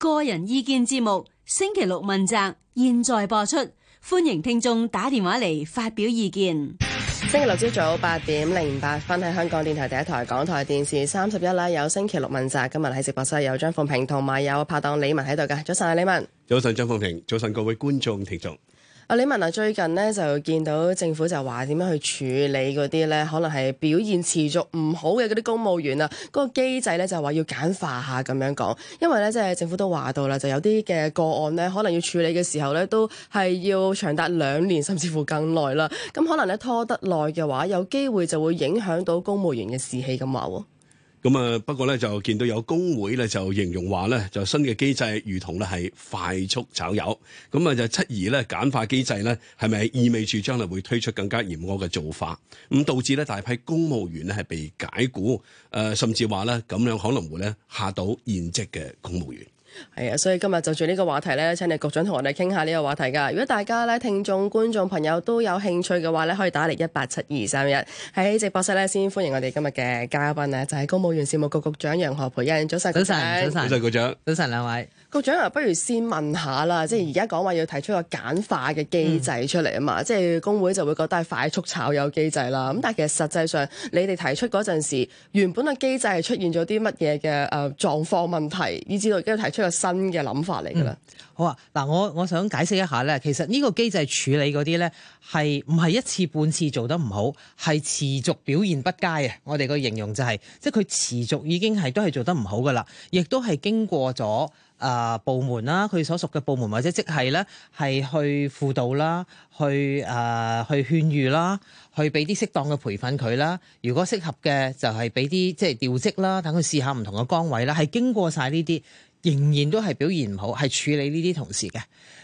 個人意見節目星期六問責，現在播出，歡迎聽眾打電話嚟發表意見。星期六朝早八點零八分喺香港電台第一台、港台電視三十一啦，有星期六問責，今日喺直播室有張鳳平同埋有拍檔李文喺度㗎，早晨李文，早晨張鳳平，早晨各位觀眾聽眾。阿李文啊，最近咧就見到政府就話點樣去處理嗰啲咧，可能係表現持續唔好嘅嗰啲公務員啊，嗰個機制咧就話要簡化下咁樣講，因為咧即係政府都話到啦，就有啲嘅個案咧，可能要處理嘅時候咧都係要長達兩年甚至乎更耐啦，咁可能咧拖得耐嘅話，有機會就會影響到公務員嘅士氣咁話喎。咁啊，不過咧就見到有工會咧就形容話咧，就新嘅機制如同咧係快速炒油，咁啊就質疑咧簡化機制咧係咪意味住將嚟會推出更加嚴苛嘅做法，咁導致咧大批公務員咧係被解雇誒、呃、甚至話咧咁樣可能會咧嚇到現職嘅公務員。係啊，所以今日就住呢個話題咧，請你局長同我哋傾下呢個話題噶。如果大家咧聽眾、觀眾、朋友都有興趣嘅話咧，可以打嚟，一八七二三一，喺直播室咧，先歡迎我哋今日嘅嘉賓啊，就係、是、公務員事務局局、局長楊何蓓茵早晨，早晨，早晨，局長，早晨兩位。局長啊，不如先問下啦，即係而家講話要提出個簡化嘅機制出嚟啊嘛，即係工會就會覺得係快速炒魷機制啦。咁但係其實實際上，你哋提出嗰陣時，原本嘅機制係出現咗啲乜嘢嘅誒狀況問題，以至到而家提出個新嘅諗法嚟㗎啦。好啊，嗱，我我想解釋一下咧，其實呢個機制處理嗰啲咧係唔係一次半次做得唔好，係持續表現不佳啊。我哋個形容就係，即係佢持續已經係都係做得唔好㗎啦，亦都係經過咗。啊、呃，部門啦，佢所屬嘅部門或者即係咧，係去輔導啦，去誒、呃，去勸喻啦，去俾啲適當嘅培訓佢啦。如果適合嘅，就係俾啲即係調職啦，等佢試下唔同嘅崗位啦。係經過晒呢啲，仍然都係表現唔好，係處理呢啲同事嘅。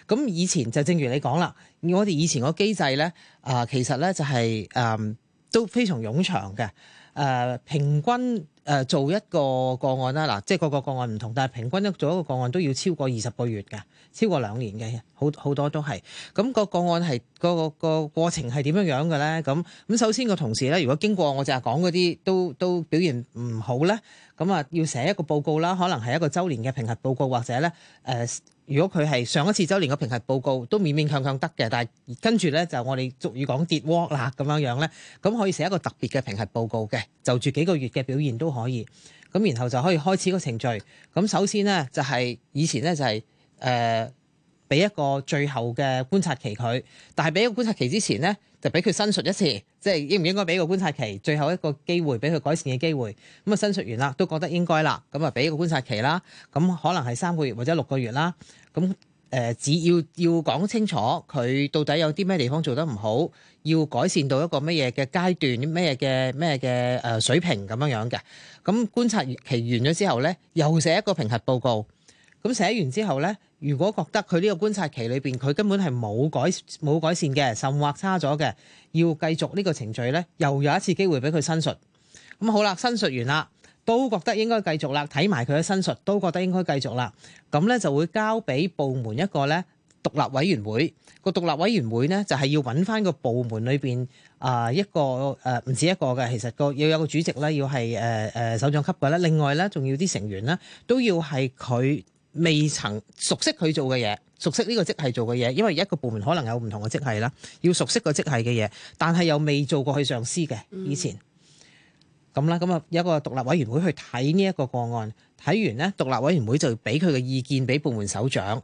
咁以前就正如你講啦，我哋以前個機制咧，啊、呃，其實咧就係、是、誒、呃、都非常冗長嘅。誒、呃、平均誒、呃、做一個個案啦，嗱、啊，即係個個個案唔同，但係平均一做一個個案都要超過二十個月嘅，超過兩年嘅，好好多都係。咁、那個個案係嗰個過程係點樣樣嘅咧？咁咁首先個同事咧，如果經過我淨係講嗰啲都都表現唔好咧，咁啊，要寫一個報告啦，可能係一個周年嘅評核報告或者咧、呃如果佢係上一次周年個評核報告都勉勉強強得嘅，但跟住咧就我哋俗語講跌鍋啦咁樣樣咧，咁可以寫一個特別嘅評核報告嘅，就住幾個月嘅表現都可以，咁然後就可以開始個程序。咁首先咧就係、是、以前咧就係、是呃俾一個最後嘅觀察期佢，但係俾個觀察期之前呢，就俾佢申述一次，即係應唔應該俾個觀察期，最後一個機會俾佢改善嘅機會。咁啊，申述完啦，都覺得應該啦，咁啊俾個觀察期啦。咁可能係三個月或者六個月啦。咁誒，只要要講清楚佢到底有啲咩地方做得唔好，要改善到一個乜嘢嘅階段、乜嘢嘅咩嘅誒水平咁樣樣嘅。咁觀察期完咗之後呢，又寫一個評核報告。.咁寫完之後咧，如果覺得佢呢個觀察期裏邊佢根本係冇改冇改善嘅，甚或差咗嘅，要繼續呢個程序咧，又有一次機會俾佢申述。咁好啦，申述完啦，都覺得應該繼續啦，睇埋佢嘅申述，都覺得應該繼續啦。咁咧就會交俾部門一個咧獨立委員會。個獨立委員會咧就係要揾翻個部門裏邊啊一個誒唔止一個嘅，其實個要有個主席咧，要係誒誒首長級嘅啦。另外咧，仲要啲成員咧，都要係佢。未曾熟悉佢做嘅嘢，熟悉呢個職係做嘅嘢，因為一個部門可能有唔同嘅職係啦，要熟悉個職系嘅嘢，但係又未做過去上司嘅以前咁啦。咁啊，有一個獨立委員會去睇呢一個個案，睇完咧，獨立委員會就俾佢嘅意見俾部門首長。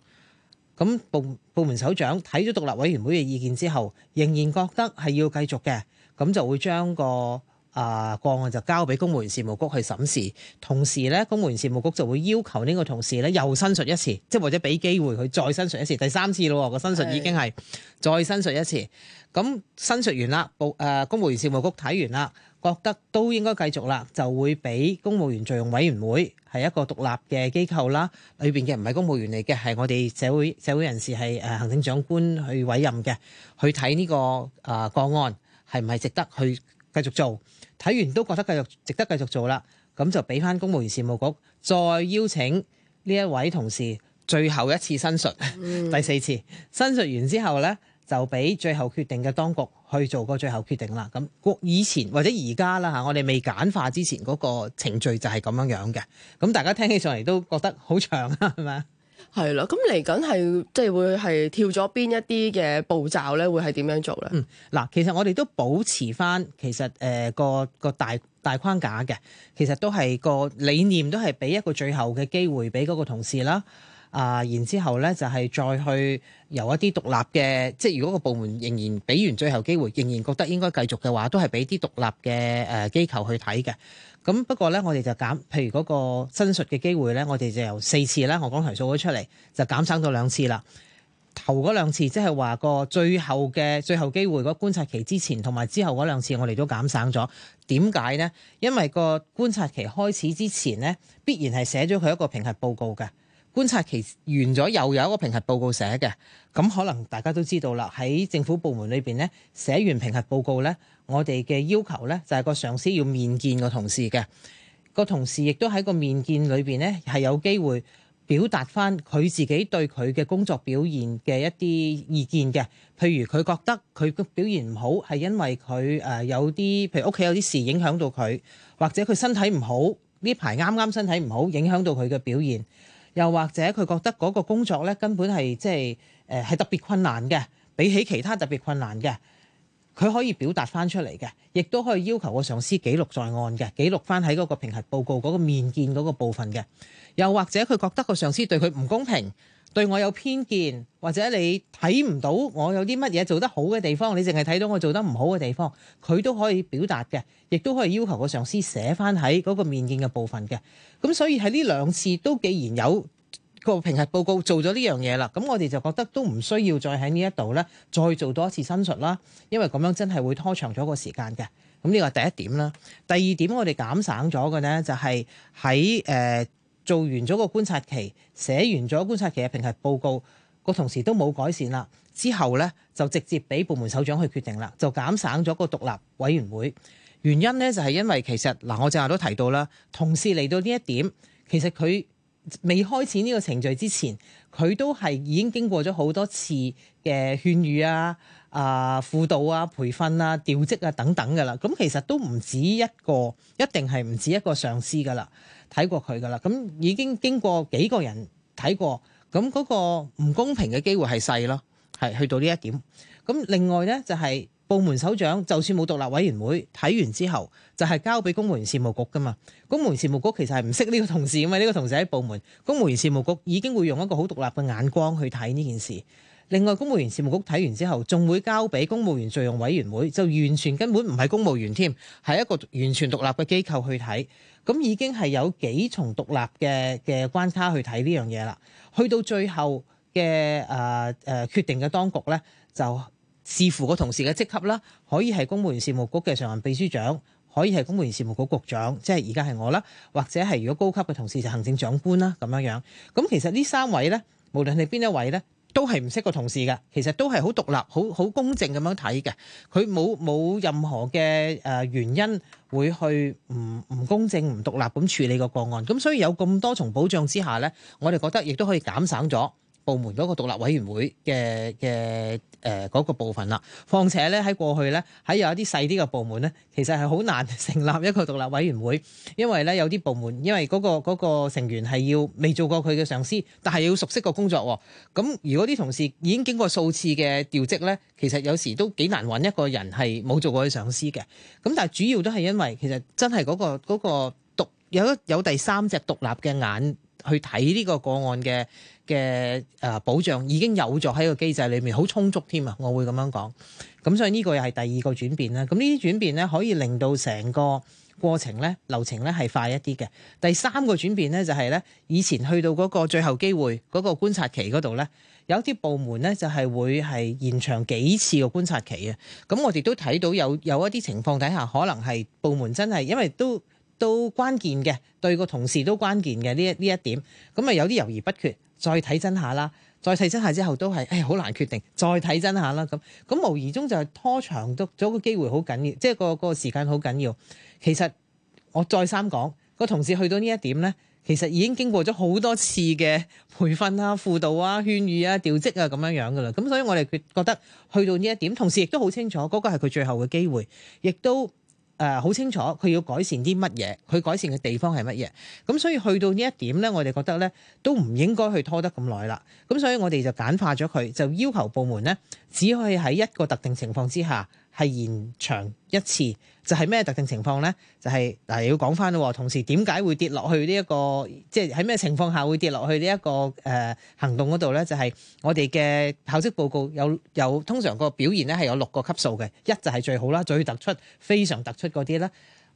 咁部部門首長睇咗獨立委員會嘅意見之後，仍然覺得係要繼續嘅，咁就會將個。啊，個案就交俾公務員事務局去審視，同時咧，公務員事務局就會要求呢個同事咧又申述一次，即係或者俾機會佢再申述一次，第三次啦，個申述已經係再申述一次。咁申述完啦，部、誒公務員事務局睇完啦，覺得都應該繼續啦，就會俾公務員敘用委員會，係一個獨立嘅機構啦，裏邊嘅唔係公務員嚟嘅，係我哋社會社會人士，係誒行政長官去委任嘅，去睇呢個啊，個案係唔係值得去，繼續做，睇完都覺得繼續值得繼續做啦，咁就俾翻公務員事務局再邀請呢一位同事最後一次申述，嗯、第四次申述完之後呢，就俾最後決定嘅當局去做個最後決定啦。咁以前或者而家啦吓，我哋未簡化之前嗰個程序就係咁樣樣嘅，咁大家聽起上嚟都覺得好長啦，係咪？係啦，咁嚟緊係即係會係跳咗邊一啲嘅步驟咧，會係點樣做咧？嗯，嗱，其實我哋都保持翻，其實誒、呃、個個大大框架嘅，其實都係個理念，都係俾一個最後嘅機會俾嗰個同事啦。啊，然之後咧，就係再去由一啲獨立嘅，即係如果個部門仍然俾完最後機會，仍然覺得應該繼續嘅話，都係俾啲獨立嘅誒機構去睇嘅。咁不過咧，我哋就減，譬如嗰個申述嘅機會咧，我哋就由四次呢，我剛才數咗出嚟，就減省咗兩次啦。頭嗰兩次，即係話個最後嘅最後機會個觀察期之前同埋之後嗰兩次我，我哋都減省咗。點解呢？因為個觀察期開始之前咧，必然係寫咗佢一個評核報告㗎。觀察期完咗，又有一個評核報告寫嘅。咁，可能大家都知道啦。喺政府部門裏面咧，寫完評核報告咧，我哋嘅要求咧就係個上司要面見個同事嘅，個同事，亦都喺個面見裏面咧係有機會表達翻佢自己對佢嘅工作表現嘅一啲意見嘅。譬如佢覺得佢嘅表現唔好，係因為佢誒有啲譬如屋企有啲事影響到佢，或者佢身體唔好，呢排啱啱身體唔好，影響到佢嘅表現。又或者佢覺得嗰個工作咧根本係即係誒係特別困難嘅，比起其他特別困難嘅，佢可以表達翻出嚟嘅，亦都可以要求個上司記錄在案嘅，記錄翻喺嗰個評核報告嗰個面見嗰個部分嘅。又或者佢覺得個上司對佢唔公平。對我有偏見，或者你睇唔到我有啲乜嘢做得好嘅地方，你淨係睇到我做得唔好嘅地方，佢都可以表達嘅，亦都可以要求個上司寫翻喺嗰個面見嘅部分嘅。咁所以喺呢兩次都既然有個評核報告做咗呢樣嘢啦，咁我哋就覺得都唔需要再喺呢一度呢，再做多一次申述啦，因為咁樣真係會拖長咗個時間嘅。咁呢個係第一點啦。第二點我哋減省咗嘅呢，就係喺，誒做完咗個觀察期，寫完咗觀察期嘅評核報告，個同事都冇改善啦。之後咧就直接俾部門首長去決定啦，就減省咗個獨立委員會。原因咧就係因為其實嗱，我正話都提到啦，同事嚟到呢一點，其實佢未開始呢個程序之前，佢都係已經經過咗好多次嘅勸喻啊、啊、呃、輔導啊、培訓啊、調職啊等等㗎啦。咁其實都唔止一個，一定係唔止一個上司噶啦。睇過佢噶啦，咁已經經過幾個人睇過，咁嗰個唔公平嘅機會係細咯，係去到呢一點。咁另外呢，就係部門首長，就算冇獨立委員會睇完之後，就係交俾公務員事務局噶嘛。公務員事務局其實係唔識呢個同事嘅嘛，呢個同事喺部門，公務員事務局已經會用一個好獨立嘅眼光去睇呢件事。另外，公務員事務局睇完之後，仲會交俾公務員敘用委員會，就完全根本唔係公務員添，係一個完全獨立嘅機構去睇。咁已經係有幾重獨立嘅嘅關卡去睇呢樣嘢啦。去到最後嘅誒誒決定嘅當局咧，就視乎個同事嘅職級啦，可以係公務員事務局嘅常任秘書長，可以係公務員事務局局長，即係而家係我啦，或者係如果高級嘅同事就行政長官啦咁樣樣。咁其實呢三位咧，無論係邊一位咧，都係唔識個同事嘅，其實都係好獨立、好好公正咁樣睇嘅。佢冇冇任何嘅誒原因會去唔唔公正、唔獨立咁處理個個案。咁所以有咁多重保障之下呢，我哋覺得亦都可以減省咗。部門嗰個獨立委員會嘅嘅誒嗰個部分啦，況且咧喺過去咧喺有一啲細啲嘅部門咧，其實係好難成立一個獨立委員會，因為咧有啲部門因為嗰個嗰個成員係要未做過佢嘅上司，但係要熟悉個工作喎。咁如果啲同事已經經過數次嘅調職咧，其實有時都幾難搵一個人係冇做過佢上司嘅。咁、嗯、但係主要都係因為其實真係嗰個嗰個獨有有第三隻獨立嘅眼。去睇呢個個案嘅嘅、呃、保障已經有咗喺個機制裏面，好充足添啊！我會咁樣講。咁所以呢個又係第二個轉變啦。咁呢啲轉變咧，可以令到成個過程咧、流程咧係快一啲嘅。第三個轉變咧，就係咧，以前去到嗰個最後機會嗰個觀察期嗰度咧，有啲部門咧就係會係延長幾次個觀察期啊。咁我哋都睇到有有一啲情況底下，可能係部門真係因為都。都關鍵嘅，對個同事都關鍵嘅呢一呢一點，咁啊有啲猶豫不決，再睇真下啦，再睇真下之後都係，誒好難決定，再睇真下啦，咁咁無疑中就係拖長咗，咗個機會好緊要，即、就、係、係個、個時間好緊要。其實我再三講、個同事去到呢一點咧，其實已經經過咗好多次嘅培訓啊、輔導啊、勸喻啊、調職啊咁樣樣噶啦。咁所以我哋決覺得去到呢一點，同事亦都好清楚嗰、個係佢最後嘅機會，亦都。誒、呃、好清楚，佢要改善啲乜嘢，佢改善嘅地方係乜嘢，咁所以去到呢一點咧，我哋覺得咧都唔應該去拖得咁耐啦，咁所以我哋就簡化咗佢，就要求部門咧只可以喺一個特定情況之下。係延長一次，就係、是、咩特定情況咧？就係、是、嗱，但要講翻咯。同時點解會跌落去呢、這、一個，即係喺咩情況下會跌落去呢、這、一個、呃、行動嗰度咧？就係、是、我哋嘅考績報告有有通常個表現咧係有六個級數嘅，一就係最好啦，最突出、非常突出嗰啲啦，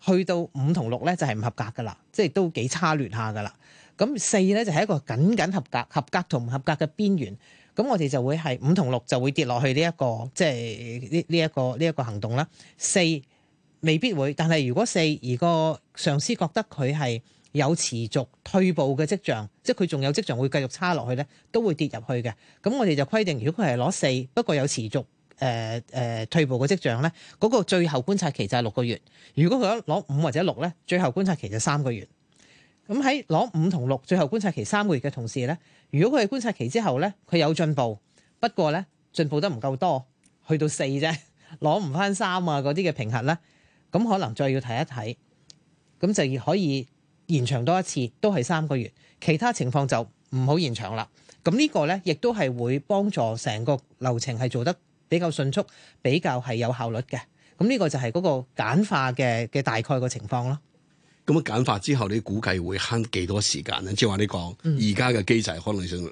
去到五同六咧就係唔合格噶啦，即係都幾差劣下噶啦。咁四咧就係、是、一個僅僅合格、合格同唔合格嘅邊緣。咁我哋就會係五同六就會跌落去呢、這、一個即係呢呢一個呢一、這個這個行動啦。四未必會，但係如果四如果上司覺得佢係有持續退步嘅跡象，即係佢仲有跡象會繼續差落去咧，都會跌入去嘅。咁我哋就規定，如果佢係攞四，不過有持續、呃呃、退步嘅跡象咧，嗰、那個最後觀察期就係六個月。如果佢攞五或者六咧，最後觀察期就三個月。咁喺攞五同六，最後觀察期三個月嘅同時咧。如果佢係觀察期之後咧，佢有進步，不過咧進步得唔夠多，去到四啫，攞唔返三啊嗰啲嘅評核咧，咁可能再要睇一睇，咁就可以延長多一次，都係三個月，其他情況就唔好延長啦。咁呢個咧亦都係會幫助成個流程係做得比較迅速，比較係有效率嘅。咁呢個就係嗰個簡化嘅嘅大概個情況咯。咁樣簡化之後，你估計會慳幾多時間咧？即係話你講，而家嘅機制可能誒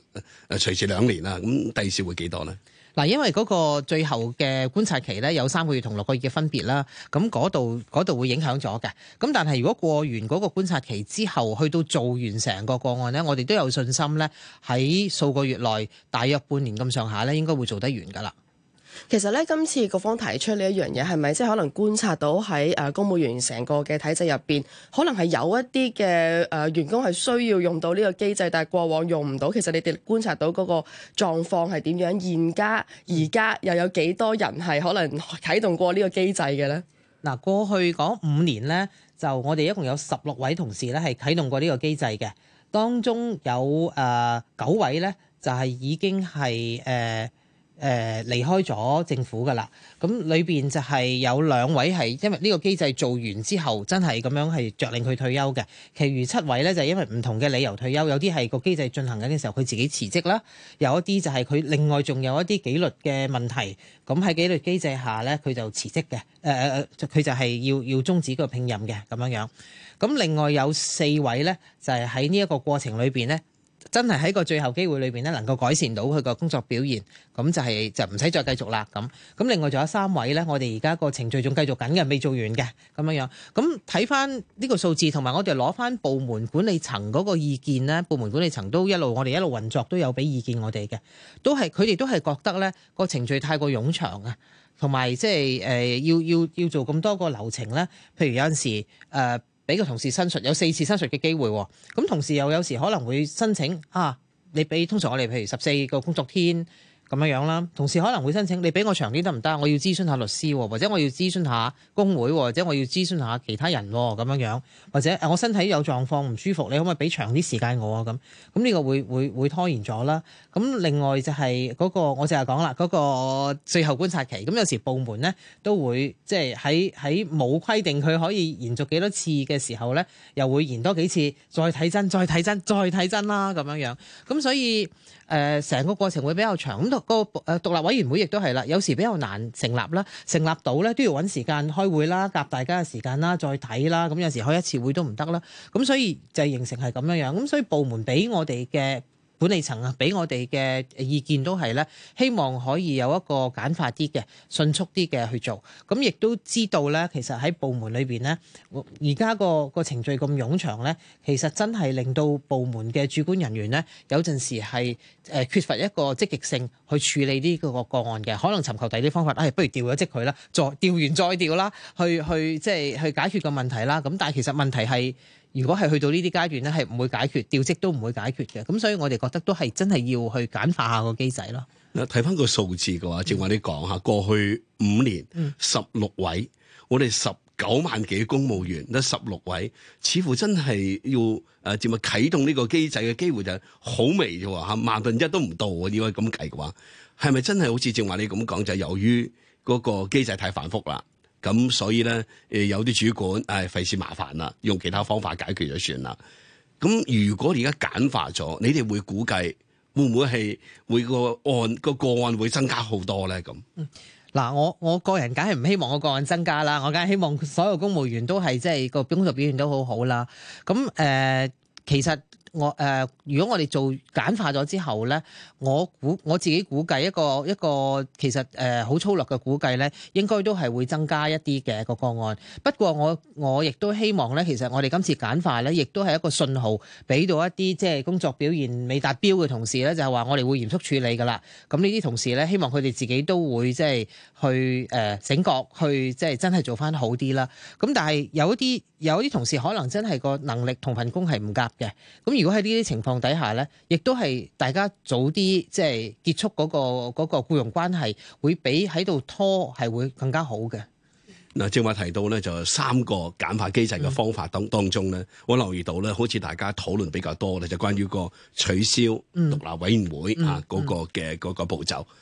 隨時兩年啦，咁第二時會幾多呢？嗱，因為嗰個最後嘅觀察期咧，有三個月同六個月嘅分別啦，咁嗰度嗰度會影響咗嘅。咁但係如果過完嗰個觀察期之後，去到做完成個個案咧，我哋都有信心咧，喺數個月內，大約半年咁上下咧，應該會做得完噶啦。其實咧，今次各方提出呢一樣嘢，係咪即可能觀察到喺、呃、公務員成個嘅體制入邊，可能係有一啲嘅誒員工係需要用到呢個機制，但係過往用唔到。其實你哋觀察到嗰個狀況係點樣？現家而家又有幾多人係可能啟動過個機呢個機制嘅咧？嗱，過去嗰五年咧，就我哋一共有十六位同事咧係啟動過呢個機制嘅，當中有呃、九位咧就係、是、已經係誒。呃誒、呃、離開咗政府㗎啦，咁裏面就係有兩位係因為呢個機制做完之後，真係咁樣係着令佢退休嘅。其餘七位咧就係、因為唔同嘅理由退休，有啲係個機制進行緊嘅時候佢自己辭職啦，有一啲就係佢另外仲有一啲紀律嘅問題，咁喺紀律機制下咧佢就辭職嘅。誒、呃、佢就係要要終止個聘任嘅咁樣樣。咁另外有四位咧就係喺呢一個過程裏面咧。真係喺個最後機會裏面咧，能夠改善到佢個工作表現，咁就係、是、就唔使再繼續啦咁。咁另外仲有三位呢，我哋而家個程序仲繼續緊嘅，未做完嘅咁樣樣。咁睇翻呢個數字，同埋我哋攞翻部門管理層嗰個意見呢，部門管理層都一路我哋一路運作都有俾意見我哋嘅，都係佢哋都係覺得呢個程序太過冗長啊，同埋即係要要要做咁多個流程呢，譬如有陣時俾個同事申述，有四次申述嘅機會，咁同時又有時可能會申請啊，你俾通常我哋譬如十四個工作天。咁樣啦，同事可能會申請，你俾我長啲得唔得？我要諮詢下律師，或者我要諮詢下工會，或者我要諮詢下其他人咁樣樣，或者我身體有狀況唔舒服，你可唔可以俾長啲時間我啊？咁咁呢個會會會拖延咗啦。咁另外就係嗰個，我淨係講啦，嗰個最後觀察期。咁有時部門咧都會即係喺喺冇規定佢可以延續幾多次嘅時候咧，又會延多幾次，再睇真，再睇真，再睇真啦咁樣樣。咁所以。誒、呃、成個過程會比較長，咁、個誒獨立委員會亦都係啦，有時比較難成立啦，成立到咧都要搵時間開會啦，夾大家嘅時間啦，再睇啦，咁有時開一次會都唔得啦，咁所以就形成係咁樣樣，咁所以部門俾我哋嘅。管理層啊，俾我哋嘅意見都係咧，希望可以有一個簡化啲嘅、迅速啲嘅去做。咁亦都知道咧，其實喺部門裏邊咧，而家個個程序咁冗長咧，其實真係令到部門嘅主管人員咧，有陣時係誒缺乏一個積極性去處理呢個個個案嘅，可能尋求第二啲方法，誒，不如調咗職佢啦，再調完再調啦，去去即係、就是、去解決個問題啦。咁但係其實問題係。如果係去到呢啲階段咧，係唔會解決，調職都唔會解決嘅。咁所以我哋覺得都係真係要去簡化下個機制咯。睇翻個數字嘅話，正話你講下，過去五年十六位，嗯、我哋十九萬幾公務員得十六位，似乎真係要誒，即係話啟動呢個機制嘅機會就係好微啫喎嚇，萬分一都唔到。如果咁計嘅話，係咪真係好似正話你咁講，就係、由於嗰個機制太繁複啦？咁所以咧，誒有啲主管誒費事麻煩啦，用其他方法解決咗算啦。咁如果而家簡化咗，你哋會估計會唔會係每個案個個案會增加好多咧？咁、嗯、嗱，我我個人梗係唔希望個個案增加啦，我梗係希望所有公務員都係即係個工作表現都好好啦。咁誒、呃，其實。我誒、呃、如果我哋做簡化咗之後咧，我估我自己估計一個一個其實誒好、呃、粗略嘅估計咧，應該都係會增加一啲嘅、那個個案。不過我我亦都希望咧，其實我哋今次簡化咧，亦都係一個信號俾到一啲即係工作表現未達標嘅同事咧，就係、是、話我哋會嚴肅處理㗎啦。咁呢啲同事咧，希望佢哋自己都會，即係去誒、呃、醒覺去即係真係做翻好啲啦。咁、嗯、但係有一啲有一啲同事可能真係個能力同份工係唔夾嘅，咁如。如果喺呢啲情況底下咧，亦都係大家早啲即係結束嗰個嗰個僱用關係，會比喺度拖係會更加好嘅。嗱，正話提到咧，就三個簡化機制嘅方法當當中咧、嗯，我留意到咧，好似大家討論比較多咧，就關於個取消獨立委員會啊嗰個嘅嗰個步驟。嗯嗯嗯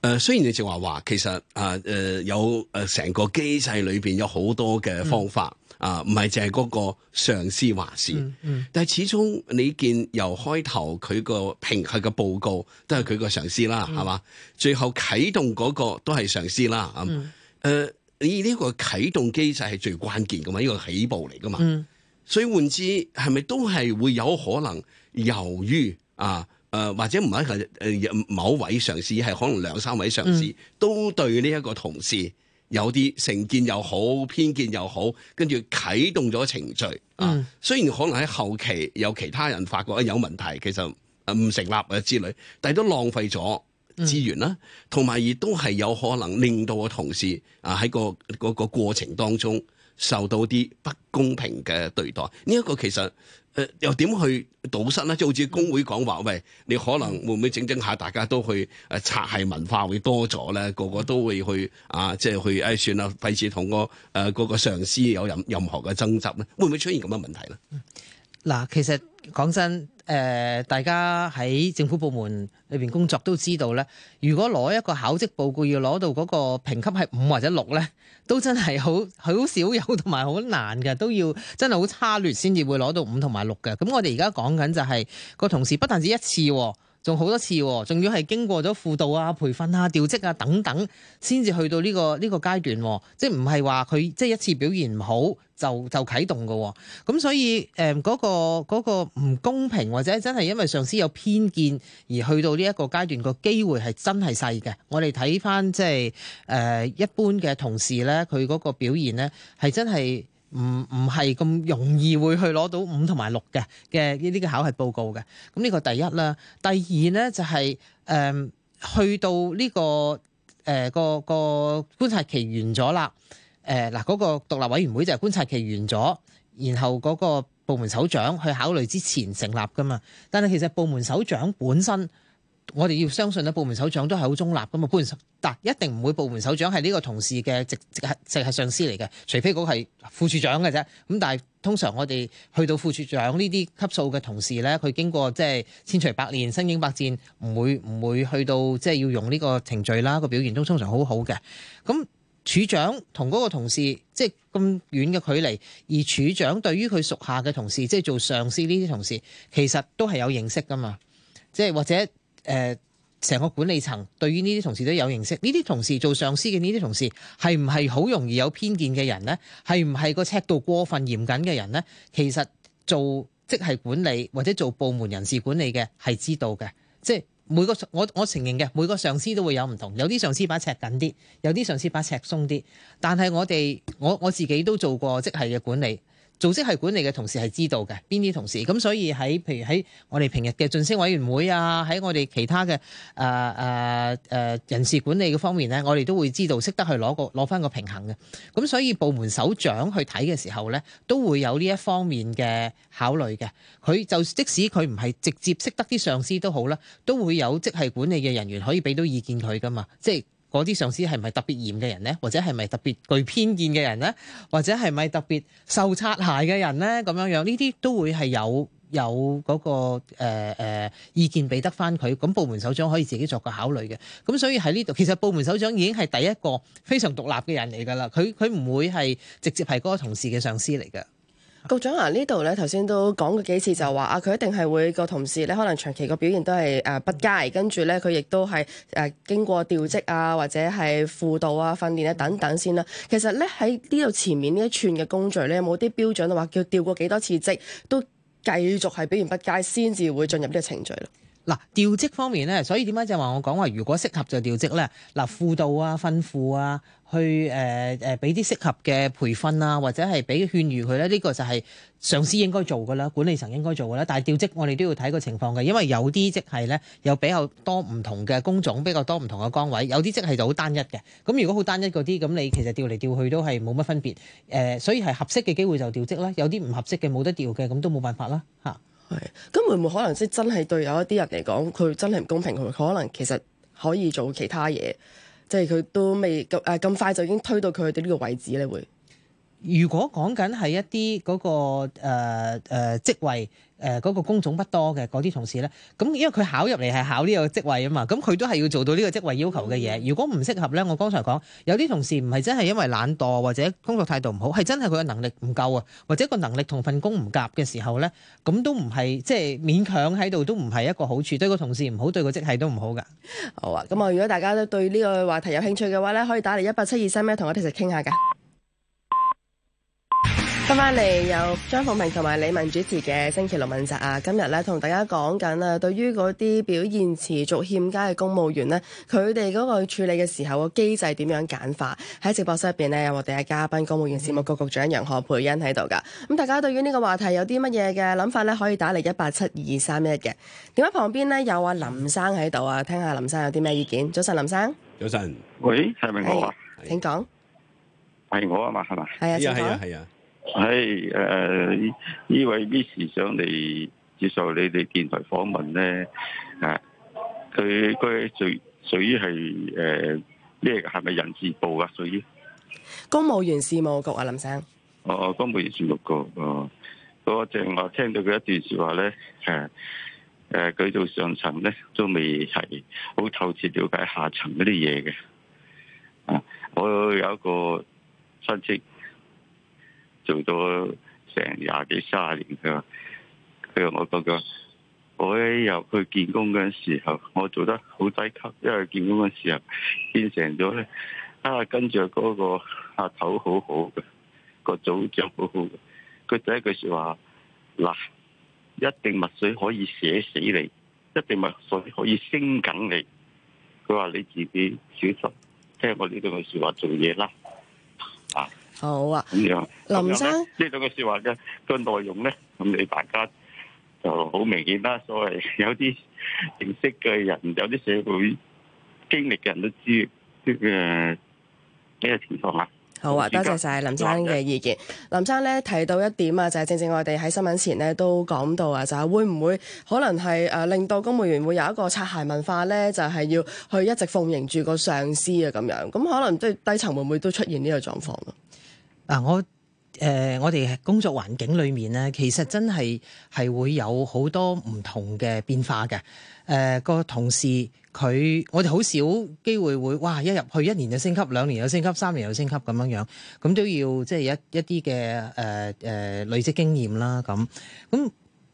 誒、呃、雖然你正話話，其實啊、呃、有誒成、呃、個機制裏面有好多嘅方法啊，唔係淨係嗰個上司話事、嗯嗯，但係始終你見由開頭佢個評核嘅報告都係佢個上司啦，係、嗯、嘛？最後啟動嗰個都係上司啦，誒、嗯啊！你呢個啟動機制係最關鍵噶嘛？呢個起步嚟噶嘛？所以換之係咪都係會有可能由於啊？誒，或者唔係佢誒，某位上司係可能兩三位上司都對呢一個同事有啲成見又好，偏見又好，跟住啟動咗程序啊。雖然可能喺後期有其他人發覺有問題，其實唔成立啊之類，但係都浪費咗資源啦，同埋亦都係有可能令到個同事啊喺個個過程當中受到啲不公平嘅對待。呢一個其實。又點去堵塞咧？就好似工會講話，喂，你可能會唔會整整下，大家都去誒拆係文化會多咗咧？個個都會去啊，即係去誒，算啦，費事同個誒嗰個上司有任任何嘅爭執咧，會唔會出現咁嘅問題咧？嗱，其實講真。誒、呃，大家喺政府部門裏邊工作都知道咧，如果攞一個考績報告要攞到嗰個評級係五或者六咧，都真係好好少有同埋好難嘅，都要真係好差劣先至會攞到五同埋六嘅。咁我哋而家講緊就係個同事，不但止一次喎。仲好多次，仲要係經過咗輔導啊、培訓啊、調職啊等等，先至去到呢個呢個階段，即係唔係話佢即係一次表現唔好就就啟動嘅咁，咁所以誒嗰個嗰個唔公平或者真係因為上司有偏見而去到呢一個階段個機會係真係細嘅。我哋睇翻即係誒一般嘅同事咧，佢嗰個表現咧係真係，唔唔係咁容易會去攞到五同埋六嘅嘅呢個考核報告嘅，咁呢個第一啦。第二咧就係誒去到呢個誒個個觀察期完咗啦。誒嗱嗰個獨立委員會就係觀察期完咗，然後嗰個部門首長去考慮之前成立噶嘛。但係其實部門首長本身。我哋要相信咧，部門首長都係好中立㗎嘛。當然，嗱，一定唔會部門首長係呢個同事嘅直直係直係上司嚟嘅，除非嗰係副處長嘅啫。咁但係通常我哋去到副處長呢啲級數嘅同事咧，佢經過即係千錘百鍊、身經百戰，唔會唔會去到即係要用呢個程序啦。個表現都通常好好嘅。咁處長同嗰個同事即係咁遠嘅距離，而處長對於佢屬下嘅同事，即係做上司呢啲同事，其實都係有認識噶嘛，即係或者。誒、呃，成個管理層對於呢啲同事都有認識。呢啲同事做上司嘅呢啲同事係唔係好容易有偏見嘅人呢？係唔係個尺度過分嚴謹嘅人呢？其實做即係管理或者做部門人事管理嘅係知道嘅，即係每個我我承認嘅每個上司都會有唔同，有啲上司把尺緊啲，有啲上司把尺鬆啲。但係我哋我我自己都做過即係嘅管理。做即係管理嘅同事係知道嘅，邊啲同事，咁所以喺譬如喺我哋平日嘅晉升委員會啊，喺我哋其他嘅誒誒人事管理嘅方面咧，我哋都會知道識得去攞個攞翻個平衡嘅，咁所以部門首長去睇嘅時候咧，都會有呢一方面嘅考慮嘅。佢就即使佢唔係直接識得啲上司都好啦，都會有即係管理嘅人員可以俾到意見佢噶嘛，即係。嗰啲上司係咪特別嚴嘅人咧？或者係咪特別具偏見嘅人咧？或者係咪特別受擦鞋嘅人咧？咁樣樣呢啲都會係有有嗰個誒誒意見俾得翻佢。咁部門首長可以自己作個考慮嘅。咁所以喺呢度，其實部門首長已經係第一個非常獨立嘅人嚟㗎啦。佢佢唔會係直接係嗰個同事嘅上司嚟嘅。局長啊，呢度咧頭先都講過幾次，就話啊，佢一定係會個同事咧，可能長期個表現都係誒、啊、不佳，跟住咧佢亦都係經過調職啊，或者係輔導啊、訓練啊等等先啦、啊。其實咧喺呢度前面呢一串嘅工序咧，有冇啲標準話，叫調過幾多次職都繼續係表現不佳，先至會進入呢個程序咯？嗱、啊，調職方面咧，所以點解就話我講話如果適合就調職咧？嗱、啊，輔導啊、吩咐啊。去誒誒俾啲適合嘅培訓啊，或者係俾勸喻佢咧，呢個就係上司應該做嘅啦，管理層應該做嘅啦。但係調職，我哋都要睇個情況嘅，因為有啲職系咧有比較多唔同嘅工種，比較多唔同嘅崗位，有啲職系就好單一嘅。咁如果好單一嗰啲，咁你其實調嚟調去都係冇乜分別。誒、呃，所以係合適嘅機會就調職啦。有啲唔合適嘅冇得調嘅，咁都冇辦法啦。嚇、啊，係咁會唔會可能即真係對有一啲人嚟講，佢真係唔公平？佢可能其實可以做其他嘢。即係佢都未咁，誒、咁快就已經推到佢哋呢個位置咧會。如果講緊係一啲嗰、嗰個誒誒、呃呃、職位誒嗰個工種不多嘅嗰啲同事呢，咁因為佢考入嚟係考呢個職位啊嘛，咁佢都係要做到呢個職位要求嘅嘢。如果唔適合呢，我剛才講有啲同事唔係真係因為懶惰或者工作態度唔好，係真係佢嘅能力唔夠啊，或者個能力同份工唔夾嘅時候呢，咁都唔係即係勉強喺度，都唔係一個好處，對個同事唔好，對個職系都唔好㗎。好啊，咁啊，如果大家都對呢個話題有興趣嘅話呢，可以打嚟一八七二三一同我哋一齊傾下㗎。翻翻嚟，由張鳳平同埋李文主持嘅星期六問責啊！今日咧同大家講緊啊，對於嗰啲表現持續欠佳嘅公務員呢，佢哋嗰個處理嘅時候個機制點樣簡化？喺直播室入邊呢，有我哋嘅嘉賓公務員事務局局、局長楊何蓓茵喺度噶。咁、嗯、大家對於呢個話題有啲乜嘢嘅諗法咧，可以打嚟一八七二三一嘅。電話，旁邊呢，有阿、啊、林生喺度啊，聽下林生有啲咩意見。早晨，林生。早晨。喂，係咪我？啊？好啊，啊？請講。係我啊嘛，係嘛？係啊，請講係啊。係誒，呢、呃、位 Miss 想嚟接受你哋電台訪問咧，啊、呃，佢佢屬屬於係誒咩？係、呃、咪人事部啊？屬於公務員事務局啊，林生。哦，公務員事務局哦，我聽到佢一段說話咧，誒、呃、誒，佢、呃、做上層咧都未係好透徹了解下層嗰啲嘢嘅，啊，我有一個親戚。做咗成廿幾卅年佢話，佢話我覺覺，我一入去建工嘅時候，我做得好低級，因為建工嘅時候變成咗咧，啊，跟住嗰個阿頭好好嘅，個組長好好嘅，佢第一句說話嗱，一定墨水可以寫死你，一定墨水可以升緊你，佢話你自己小心，聽我呢度嘅說話做嘢啦。好啊，咁樣林生即呢兩個說話嘅個內容咧，咁你大家就好明顯啦。所謂有啲認識嘅人，有啲社會經歷嘅人都知道，即係呢個情況下。好啊，多謝晒林生嘅意見。謝謝林生咧提到一點啊，就係、是、正正我哋喺新聞前咧都講到啊，就係、是、會唔會可能係誒令到公務員會有一個擦鞋文化咧，就係、是、要去一直奉迎住個上司啊咁樣。咁可能即係低層會唔會都出現這個狀況呢個狀況咯？嗱、呃，我誒我哋工作環境裏面咧，其實真係係會有好多唔同嘅變化嘅。誒、呃、個同事佢，我哋好少機會會，哇！一入去一年就升級，兩年又升級，三年又升級咁樣樣，咁都要即係、就是、一一啲嘅誒誒累積經驗啦。咁咁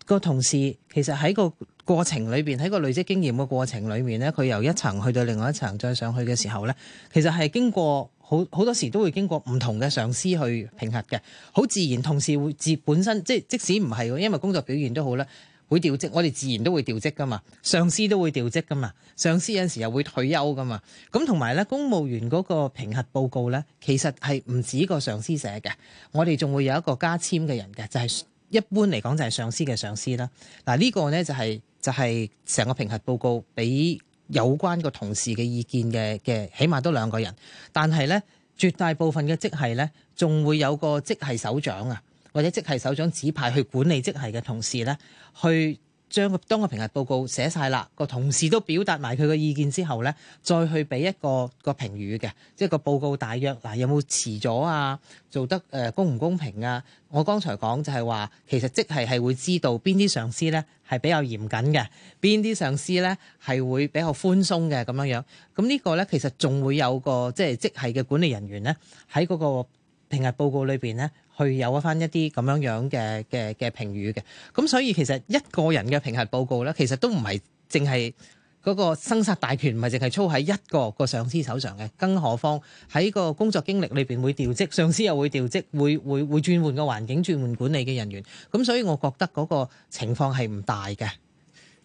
個同事其實喺個過程裏邊，喺個累積經驗嘅過程裏面咧，佢由一層去到另外一層再上去嘅時候咧，其實係經過。好好多時都會經過唔同嘅上司去評核嘅，好自然。同時會自本身即即使唔係，因為工作表現都好啦，會調職。我哋自然都會調職噶嘛，上司都會調職噶嘛，上司有陣時又會退休噶嘛。咁同埋咧，公務員嗰個評核報告咧，其實係唔止一個上司寫嘅，我哋仲會有一個加簽嘅人嘅，就係，一般嚟講就係上司嘅上司啦。嗱，呢個咧就係就係成個評核報告俾。有關個同事嘅意見嘅嘅，起碼都兩個人。但係咧，絕大部分嘅職系咧，仲會有個職系首長啊，或者職系首長指派去管理職系嘅同事咧，去。將個當個評核報告寫晒啦，個同事都表達埋佢個意見之後咧，再去俾一個一個評語嘅，即係個報告大約嗱有冇遲咗啊？做得、呃、公唔公平啊？我剛才講就係話，其實即係係會知道邊啲上司咧係比較嚴謹嘅，邊啲上司咧係會比較寬鬆嘅咁樣樣。咁呢個咧其實仲會有一個即係即係嘅管理人員咧喺嗰個評核報告裏面咧。去有一番一啲咁樣樣嘅嘅嘅評語嘅，咁所以其實一個人嘅評核報告咧，其實都唔係淨係嗰個生殺大權，唔係淨係操喺一個個上司手上嘅，更何況喺個工作經歷裏邊會調職，上司又會調職，會會會轉換個環境，轉換管理嘅人員，咁所以我覺得嗰個情況係唔大嘅。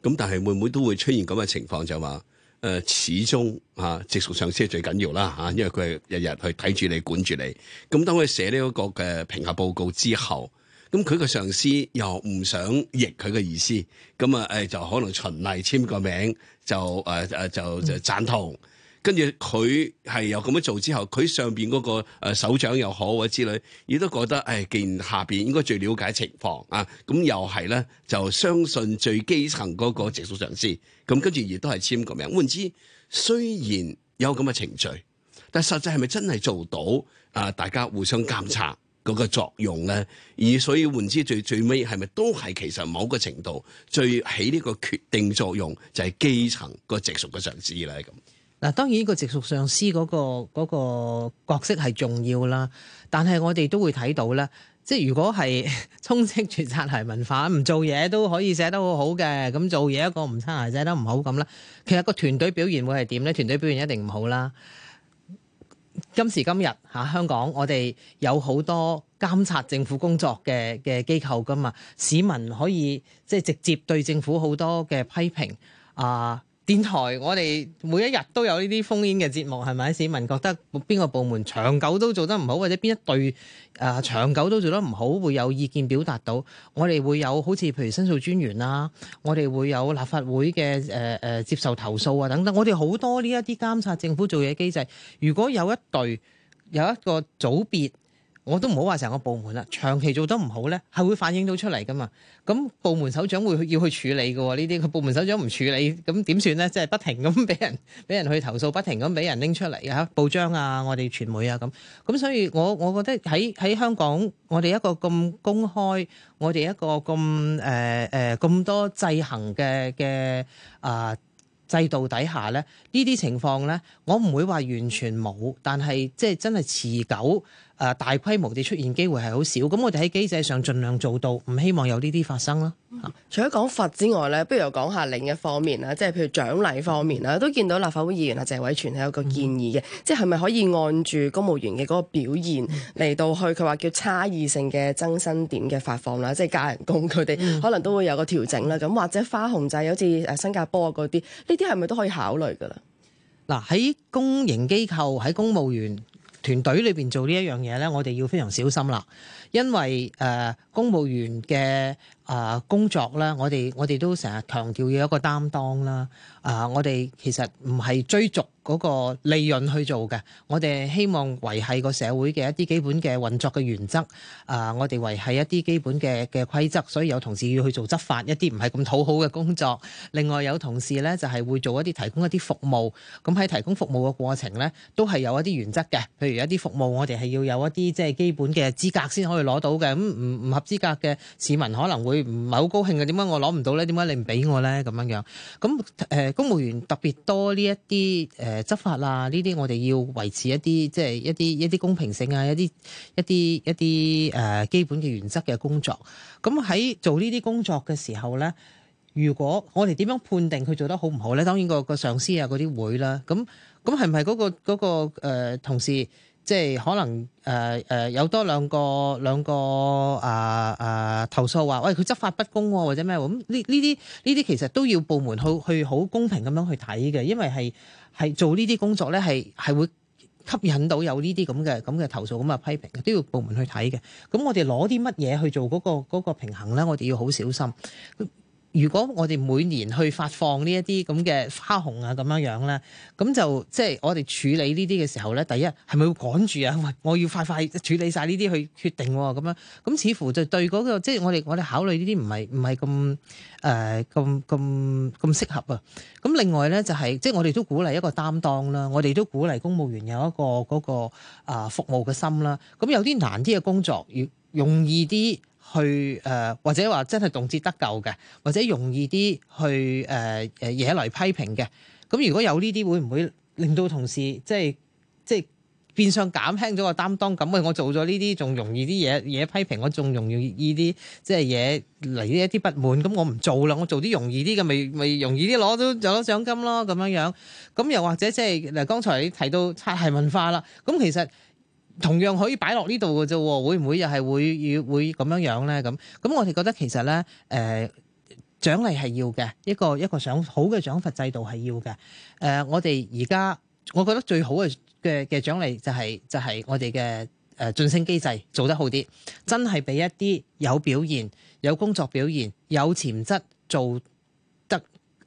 咁但係會唔會都會出現咁嘅情況就話？誒始終嚇、啊、直屬上司係最緊要啦嚇、啊，因為佢係日日去睇住你管住你。咁當佢寫呢一個嘅評核報告之後，咁佢個上司又唔想逆佢個意思，咁啊就可能循例簽個名就誒、啊、就就贊同。跟住佢係有咁樣做之後，佢上面嗰個首長又好或者之類，亦都覺得誒、哎，既然下面應該最了解情況啊，咁又係咧就相信最基層嗰個直屬上司，咁跟住亦都係簽個名。換之，雖然有咁嘅程序，但實際係咪真係做到啊？大家互相監察嗰個作用咧，而所以換之最最尾係咪都係其實某個程度最起呢個決定作用就係、是、基層個直屬嘅上司咧咁？嗱，當然呢個直屬上司嗰個、嗰個角色係重要啦，但係我哋都會睇到咧，即係如果係充斥住擦鞋文化，唔做嘢都可以寫得好好嘅，咁做嘢一個唔擦鞋寫得唔好咁啦，其實個團隊表現會係點咧？團隊表現一定唔好啦。今時今日嚇、啊、香港，我哋有好多監察政府工作嘅嘅機構㗎嘛，市民可以即係直接對政府好多嘅批評啊。電台，我哋每一日都有呢啲 phone in 嘅節目，係咪？市民覺得邊個部門長久都做得唔好，或者邊一隊啊長久都做得唔好，會有意見表達到。我哋會有好似譬如申訴專員啦，我哋會有立法會嘅、呃呃、接受投訴啊等等。我哋好多呢一啲監察政府做嘢機制。如果有一隊有一個組別，我都唔好話成個部門啦，長期做得唔好咧，係會反映到出嚟噶嘛？咁部門首長會要去處理㗎喎，呢啲個部門首長唔處理，咁點算咧？即係不停咁俾人俾人去投訴，不停咁俾人拎出嚟啊！報章啊，我哋傳媒啊咁。咁所以我，我我覺得喺喺香港，我哋一個咁公開，我哋一個咁誒誒咁多制衡嘅嘅啊制度底下咧，呢啲情況咧，我唔會話完全冇，但係即係真係持久。誒大規模地出現機會係好少，咁我哋喺機制上盡量做到，唔希望有呢啲發生啦。除咗講罰之外咧，不如講下另一方面啦，即係譬如獎勵方面啦，都見到立法會議員啊，謝偉全係有個建議嘅、嗯，即係係咪可以按住公務員嘅嗰個表現嚟到去佢話叫差異性嘅增薪點嘅發放啦，即係加人工佢哋，佢、嗯、哋可能都會有個調整啦。咁或者花紅制好似誒新加坡嗰啲，呢啲係咪都可以考慮噶啦？嗱，喺公營機構喺公務員。團隊裏邊做呢一樣嘢咧，我哋要非常小心啦，因為誒、呃、公務員嘅。啊，工作啦，我哋我哋都成日強調要一個擔當啦。啊，我哋其實唔係追逐嗰個利潤去做嘅，我哋希望維係個社會嘅一啲基本嘅運作嘅原則啊，我哋維係一啲基本嘅嘅規則，所以有同事要去做執法一啲唔係咁討好嘅工作。另外有同事咧就係會做一啲提供一啲服務，咁喺提供服務嘅過程咧，都係有一啲原則嘅。譬如一啲服務我哋係要有一啲即係基本嘅資格先可以攞到嘅。咁唔唔合資格嘅市民可能會。唔係好高興嘅，點解我攞唔到咧？點解你唔俾我咧？咁樣樣咁誒，公務員特別多呢一啲誒執法啊，呢啲我哋要維持一啲即係一啲一啲公平性啊，一啲一啲一啲誒基本嘅原則嘅工作。咁喺做呢啲工作嘅時候咧，如果我哋點樣判定佢做得好唔好咧？當然個個上司啊，嗰啲會啦啊。咁咁係唔係嗰個嗰個誒同事？即係可能誒誒、呃呃、有多兩個兩個、呃、啊啊投訴話喂佢執法不公、哦、或者咩咁呢呢啲呢啲其實都要部門去去好公平咁樣去睇嘅，因為係係做呢啲工作咧係係會吸引到有呢啲咁嘅咁嘅投訴咁嘅批評，都要部門去睇嘅。咁我哋攞啲乜嘢去做嗰個嗰個平衡咧？我哋要好小心。如果我哋每年去發放呢一啲咁嘅花紅啊咁樣樣咧，咁就即係、就是、我哋處理呢啲嘅時候咧，第一係咪要趕住啊？我要快快處理晒呢啲去決定咁樣，咁似乎就對嗰、那個即係、就是、我哋我哋考慮呢啲唔係唔係咁誒咁咁咁適合啊？咁另外咧就係即係我哋都鼓勵一個擔當啦，我哋都鼓勵公務員有一個嗰、那個啊服務嘅心啦。咁有啲難啲嘅工作，要容易啲。去誒、呃，或者話真係動輒得咎嘅，或者容易啲去誒誒、呃、惹來批評嘅。咁如果有呢啲，會唔會令到同事即係即係變相減輕咗個擔當感？我做咗呢啲仲容易啲惹惹嚟批評，我仲容易啲即係惹嚟呢一啲不滿，咁我唔做啦，我做啲容易啲嘅，咪咪容易啲攞到有攞獎金咯咁樣樣。咁又或者即係嗱，剛才你提到差系文化啦，咁其實。同樣可以擺落呢度嘅啫喎，會唔會又係會要會咁樣樣咧？咁咁我哋覺得其實咧，誒、呃、獎勵係要嘅，一個一個想好嘅獎罰制度係要嘅。誒、呃，我哋而家我覺得最好嘅嘅嘅獎勵就係、是、就係、是、我哋嘅誒晉升機制做得好啲，真係俾一啲有表現有工作表現有潛質做。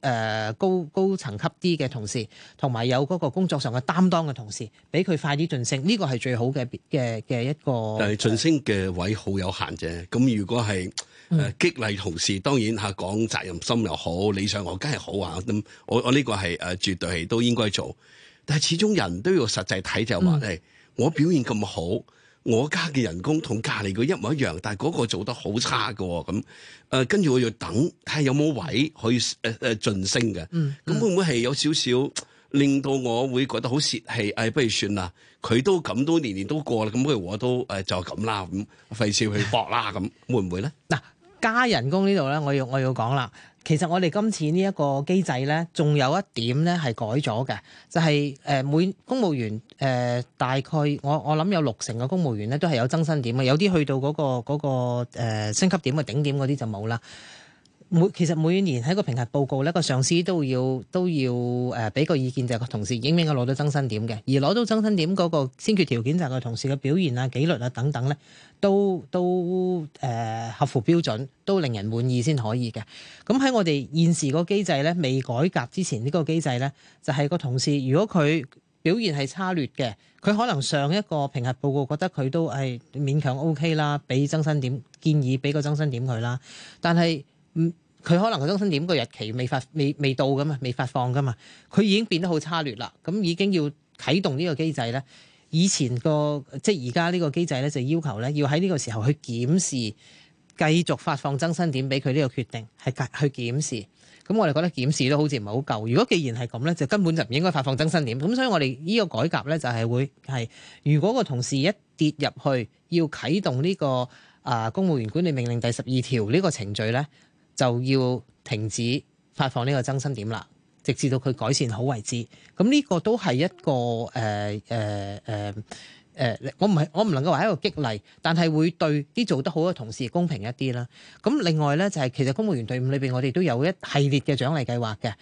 誒，高高層級啲嘅同事，同埋有嗰個工作上嘅擔當嘅同事，俾佢快啲晉升，呢個係最好嘅嘅嘅一個。誒晉升嘅位好有限啫。咁如果係誒激勵同事，嗯、當然吓講責任心又好，理想我梗係好啊。咁我我呢個係誒絕對係都應該做，但係始終人都要實際睇就話，嗯欸、我表現咁好。我家嘅人工同隔籬個一模一樣，但係嗰個做得好差嘅咁，誒，跟、呃、住我要等睇下有冇位可以誒誒晉升嘅，咁、嗯嗯、會唔會係有少少令到我會覺得好洩氣？哎，不如算啦，佢都咁多年年都過啦，咁不如我都誒、呃、就咁啦，咁費事去搏啦，咁會唔會咧？嗱 。加人工呢度咧，我要我要講啦。其實我哋今次呢一個機制咧，仲有一點咧係改咗嘅，就係誒每公務員誒大概我我諗有六成嘅公務員咧都係有增薪點嘅，有啲去到嗰個嗰個誒升級點嘅頂點嗰啲就冇啦。每其實每年喺個評核報告咧，個上司都要都要誒俾個意見，就係、是、個同事應唔應該攞到增薪點嘅。而攞到增薪點嗰個先決條件就係、是、個同事嘅表現啊、紀律啊等等咧，都都誒、呃、合乎標準，都令人滿意先可以嘅。咁喺我哋現時個機制咧，未改革之前呢個機制咧，就係、是、個同事如果佢表現係差劣嘅，佢可能上一個評核報告覺得佢都係勉強 OK 啦，俾增薪點建議俾個增薪點佢啦，但係。嗯，佢可能個增薪點個日期未發未未到噶嘛，未發放噶嘛，佢已經變得好差劣啦。咁已經要啟動呢個機制咧。以前個即係而家呢個機制咧，就要求咧，要喺呢個時候去檢視繼續發放增薪點俾佢呢個決定，係去檢視。咁我哋覺得檢視都好似唔係好夠。如果既然係咁咧，就根本就唔應該發放增薪點。咁所以我哋呢個改革咧，就係會係如果個同事一跌入去要啟動呢個啊，呃，公務員管理命令第十二條呢個程序咧，就要停止發放呢個增薪點啦，直至到佢改善好為止。咁呢個都係一個誒誒、呃呃誒，我唔係，我唔能夠話係一個激勵，但係會對啲做得好嘅同事公平一啲啦。咁另外咧，就係其實公務員隊伍裏邊，我哋都有一系列嘅獎勵計劃嘅，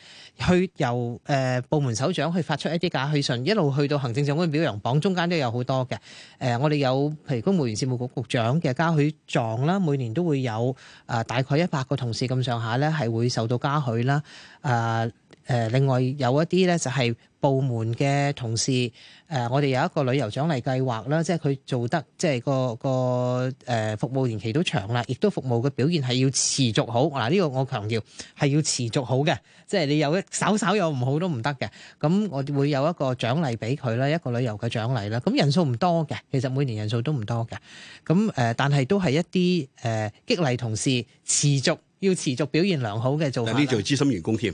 去由誒部門首長去發出一啲嘉許信，一路去到行政長官表揚榜中間都有好多嘅。誒，我哋有譬如公務員事務局局長嘅嘉許狀啦，每年都會有誒大概一百個同事咁上下咧，係會受到嘉許啦。誒誒，另外有一啲咧就係。部門嘅同事，誒，我哋有一個旅遊獎勵計劃啦，即係佢做得即係個個誒服務年期都長啦，亦都服務嘅表現係要持續好。嗱，呢個我強調係要持續好嘅，即係你稍稍有一首有唔好都唔得嘅。咁我會有一個獎勵俾佢啦，一個旅遊嘅獎勵啦。咁人數唔多嘅，其實每年人數都唔多嘅。咁誒，但係都係一啲誒激勵同事持續。要持續表現良好嘅做法，呢啲就資深員工添。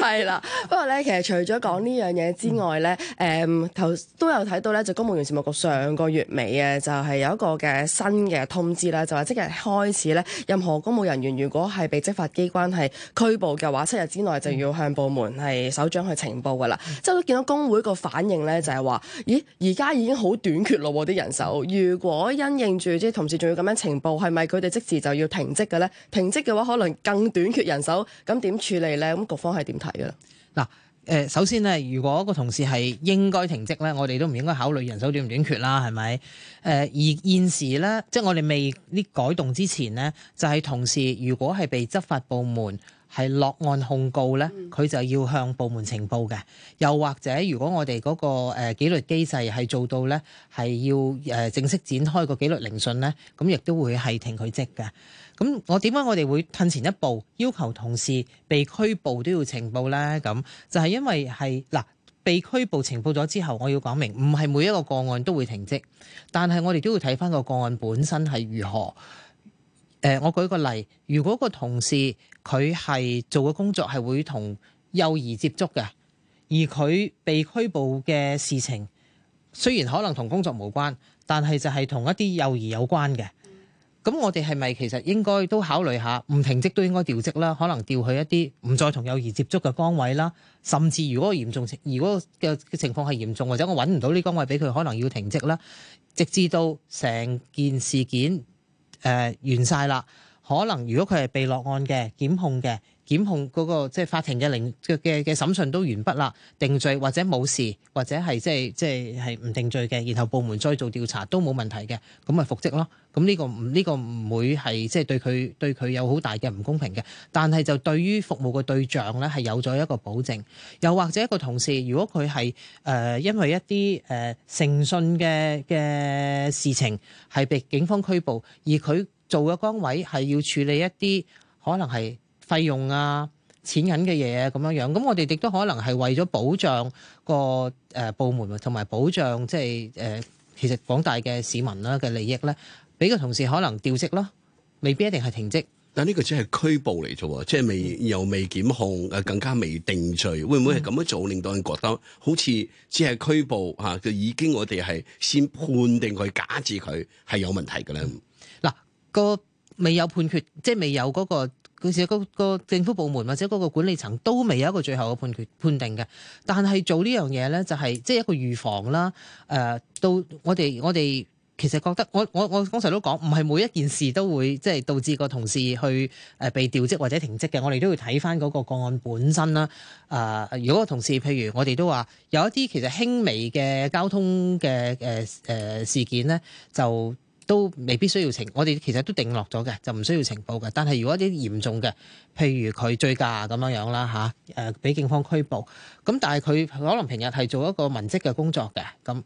係 啦， 不過咧，其實除咗講呢樣嘢之外咧，誒、嗯、頭、嗯、都有睇到咧，就公務員事務局上個月尾啊，就係、是、有一個嘅新嘅通知啦，就話即日開始咧，任何公務人員如果係被執法機關係拘捕嘅話，七日之內就要向部門係首長去呈報㗎啦。即係都見到工會個反應咧，就係、是、話：咦，而家已經好短缺咯啲人手。如果因應住即同事仲要咁樣呈報，係咪佢哋即時就要停職嘅咧？停職？嘅話可能更短缺人手，咁點處理呢？咁局方係點睇嘅咧？嗱，誒首先咧，如果個同事係應該停職咧，我哋都唔應該考慮人手短唔短缺啦，係咪？誒而現時咧，即係我哋未呢改動之前呢，就係、是、同事如果係被執法部門係落案控告咧，佢就要向部門呈報嘅、嗯。又或者如果我哋嗰個誒紀律機制係做到咧，係要誒正式展開個紀律聆訊咧，咁亦都會係停佢職嘅。咁我點解我哋會褪前一步要求同事被拘捕都要呈報呢？咁就係因為係嗱、呃，被拘捕呈報咗之後，我要講明，唔係每一個個案都會停職，但係我哋都要睇翻個個案本身係如何、呃。我舉個例，如果個同事佢係做嘅工作係會同幼兒接觸嘅，而佢被拘捕嘅事情雖然可能同工作無關，但係就係同一啲幼兒有關嘅。咁我哋係咪其實應該都考慮下唔停職都應該調職啦，可能調去一啲唔再同幼兒接觸嘅崗位啦，甚至如果嚴重，如果嘅情況係嚴重，或者我揾唔到呢個崗位俾佢，可能要停職啦，直至到成件事件誒、呃、完晒啦。可能如果佢係被落案嘅檢控嘅。檢控嗰個即係法庭嘅聆嘅嘅嘅審訊都完畢啦，定罪或者冇事，或者係即係即係係唔定罪嘅，然後部門再做調查都冇問題嘅，咁咪復職咯。咁呢個唔呢個唔會係即係對佢對佢有好大嘅唔公平嘅，但係就對於服務嘅對象咧係有咗一個保證。又或者一個同事，如果佢係誒因為一啲誒誠信嘅嘅事情係被警方拘捕，而佢做嘅崗位係要處理一啲可能係。費用啊、錢銀嘅嘢啊，咁樣樣，咁我哋亦都可能係為咗保障個部門啊，同埋保障，即係其實廣大嘅市民啦嘅利益咧，俾個同事可能調職咯，未必一定係停職。但呢個只係拘捕嚟啫，即係未又未檢控，更加未定罪，會唔會係咁樣做、嗯、令到人覺得好似只係拘捕吓，就已經我哋係先判定佢假設佢係有問題嘅咧？嗱、嗯，個未有判決，即係未有嗰個。佢其實個政府部門或者嗰個管理層都未有一個最後嘅判決判定嘅，但係做呢樣嘢咧，就係即係一個預防啦。誒、呃，到我哋我哋其實覺得，我我我剛才都講，唔係每一件事都會即係導致個同事去誒被調職或者停職嘅。我哋都要睇翻嗰個個案本身啦。誒、呃，如果個同事譬如我哋都話有一啲其實輕微嘅交通嘅誒誒事件咧，就。都未必需要呈，我哋其實都定落咗嘅，就唔需要呈報嘅。但係如果啲嚴重嘅，譬如佢醉駕咁樣樣啦吓，誒、啊、俾、呃、警方拘捕，咁但係佢可能平日係做一個文職嘅工作嘅。咁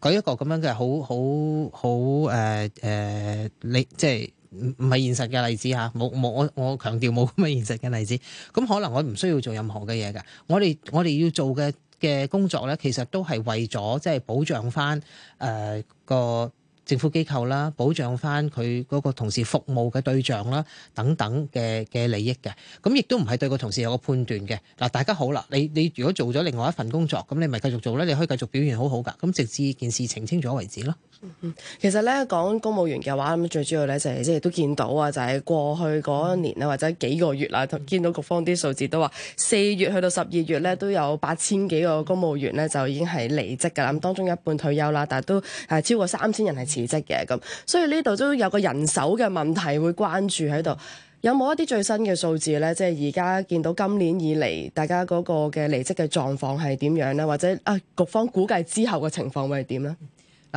舉一個咁樣嘅好好好誒、呃呃、你即係唔唔係現實嘅例子吓，冇冇我我強調冇咁嘅現實嘅例子。咁、啊、可能我唔需要做任何嘅嘢嘅。我哋我哋要做嘅嘅工作咧，其實都係為咗即係保障翻誒、呃、個。政府機構啦，保障返佢嗰個同事服務嘅對象啦，等等嘅嘅利益嘅，咁亦都唔係對個同事有個判斷嘅。嗱，大家好啦，你你如果做咗另外一份工作，咁你咪繼續做咧，你可以繼續表現好好㗎，咁直至件事澄清咗為止咯。嗯、其實咧講公務員嘅話，咁最主要咧就係即係都見到啊，就係、是、過去嗰年啊，或者幾個月啦，見到局方啲數字都話四月去到十二月咧都有八千幾個公務員咧就已經係離職噶啦，咁當中一半退休啦，但係都係、啊、超過三千人係辭職嘅咁，所以呢度都有個人手嘅問題會關注喺度，有冇一啲最新嘅數字咧？即係而家見到今年以嚟大家嗰個嘅離職嘅狀況係點樣咧？或者啊，局方估計之後嘅情況會係點咧？嗱、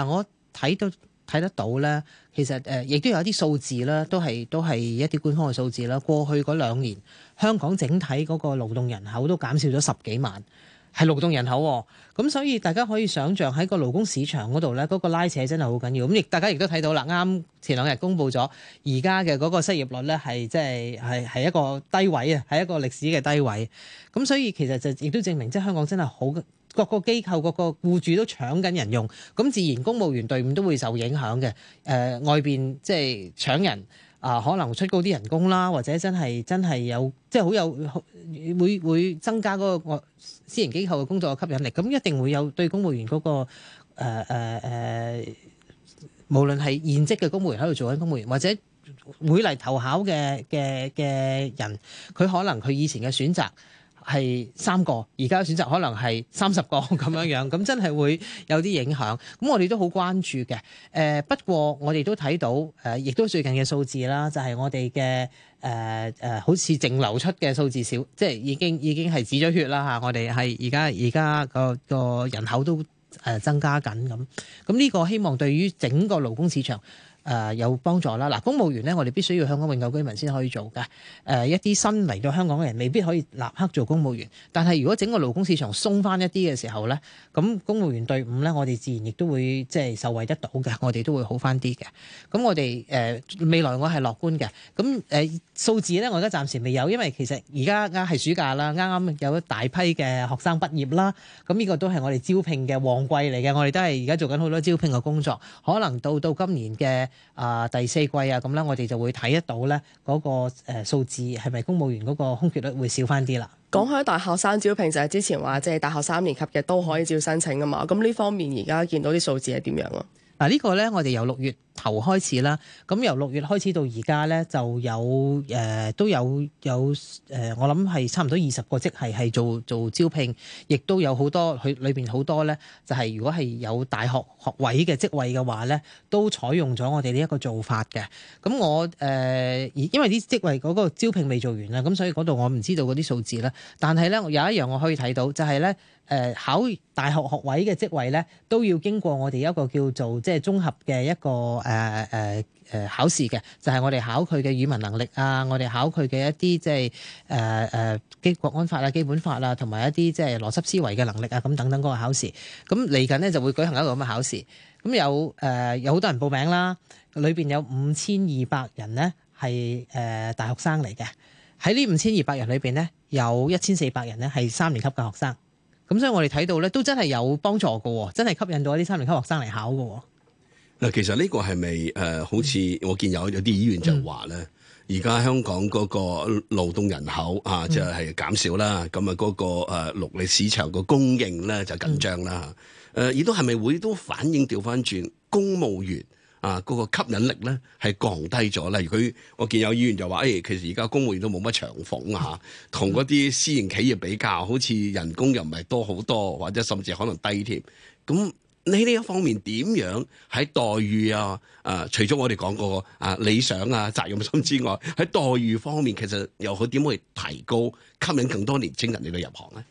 嗯啊、我。睇到睇得到咧，其實誒亦都有一啲數字啦，都係都係一啲官方嘅數字啦。過去嗰兩年，香港整體嗰個勞動人口都減少咗十幾萬，係勞動人口、哦。咁所以大家可以想像喺個勞工市場嗰度咧，嗰個拉扯真係好緊要。咁亦大家亦都睇到啦，啱前兩日公布咗而家嘅嗰個失業率咧，係即係係一個低位啊，係一個歷史嘅低位。咁所以其實就亦都證明，即香港真係好各個機構、各個僱主都搶緊人用，咁自然公務員隊伍都會受影響嘅。誒外邊即係搶人啊，可能出高啲人工啦，或者真係真係有即係好有會會增加嗰個私營機構嘅工作嘅吸引力。咁一定會有對公務員嗰個誒誒誒，無論係現職嘅公務員喺度做緊公務員，或者會嚟投考嘅嘅嘅人，佢可能佢以前嘅選擇。係三個，而家選擇可能係三十個咁樣樣，咁真係會有啲影響。咁我哋都好關注嘅。誒，不過我哋都睇到誒，亦都最近嘅數字啦，就係我哋嘅誒誒，好似淨流出嘅數字少，即係已經已經係止咗血啦嚇。我哋係而家而家個個人口都誒增加緊咁。咁呢個希望對於整個勞工市場。誒、呃、有幫助啦！嗱，公務員咧，我哋必須要香港永久居民先可以做嘅。誒、呃，一啲新嚟到香港嘅人未必可以立刻做公務員。但係如果整個勞工市場鬆翻一啲嘅時候咧，咁公務員隊伍咧，我哋自然亦都會即係受惠得到嘅。我哋都會好翻啲嘅。咁我哋、呃、未來我係樂觀嘅。咁誒、呃、數字咧，我而家暫時未有，因為其實而家啱係暑假啦，啱啱有一大批嘅學生畢業啦。咁呢個都係我哋招聘嘅旺季嚟嘅。我哋都係而家做緊好多招聘嘅工作。可能到到今年嘅。啊，第四季啊，咁啦，我哋就會睇得到咧、那個，嗰個誒數字係咪公務員嗰個空缺率會少翻啲啦？講開大學生招聘，就係之前話即係大學三年級嘅都可以照申請噶嘛。咁呢方面而家見到啲數字係點樣啊？嗱、這個，呢個咧我哋由六月頭開始啦，咁由六月開始到而家咧，就有誒、呃、都有有誒、呃，我諗係差唔多二十個職系係做做招聘，亦都有好多佢裏邊好多咧，就係如果係有大學學位嘅職位嘅話咧，都採用咗我哋呢一個做法嘅。咁我誒，而、呃、因為啲職位嗰個招聘未做完啦，咁所以嗰度我唔知道嗰啲數字啦。但係咧有一樣我可以睇到，就係咧誒考大學學位嘅職位咧，都要經過我哋一個叫做即係、就是、綜合嘅一個。誒、啊、誒、啊、考試嘅就係、是、我哋考佢嘅語文能力啊，我哋考佢嘅一啲即係誒誒基國安法啊、基本法啊，同埋一啲即係邏輯思維嘅能力啊，咁等等嗰個考試。咁嚟緊呢，就會舉行一個咁嘅考試。咁有誒、啊、有好多人報名啦，裏面有五千二百人呢係、呃、大學生嚟嘅，喺呢五千二百人裏面呢，有一千四百人呢係三年級嘅學生。咁所以我哋睇到呢，都真係有幫助喎，真係吸引到一啲三年級學生嚟考喎。嗱，其實呢個係咪誒？好似我見有有啲議員就話咧，而家香港嗰個勞動人口啊，就係、是、減少啦。咁啊、那個，嗰個誒勞力市場個供應咧就緊張啦。誒、嗯，亦都係咪會都反映調翻轉公務員啊嗰、那個吸引力咧係降低咗咧？如果我見有議員就話，誒、哎，其實而家公務員都冇乜長俸啊，同嗰啲私營企業比較，好似人工又唔係多好多，或者甚至可能低添。」咁你呢一方面點樣喺待遇啊？誒、啊，除咗我哋講過啊理想啊責任心之外，喺待遇方面其實又好點可以提高，吸引更多年輕人嚟到入行咧？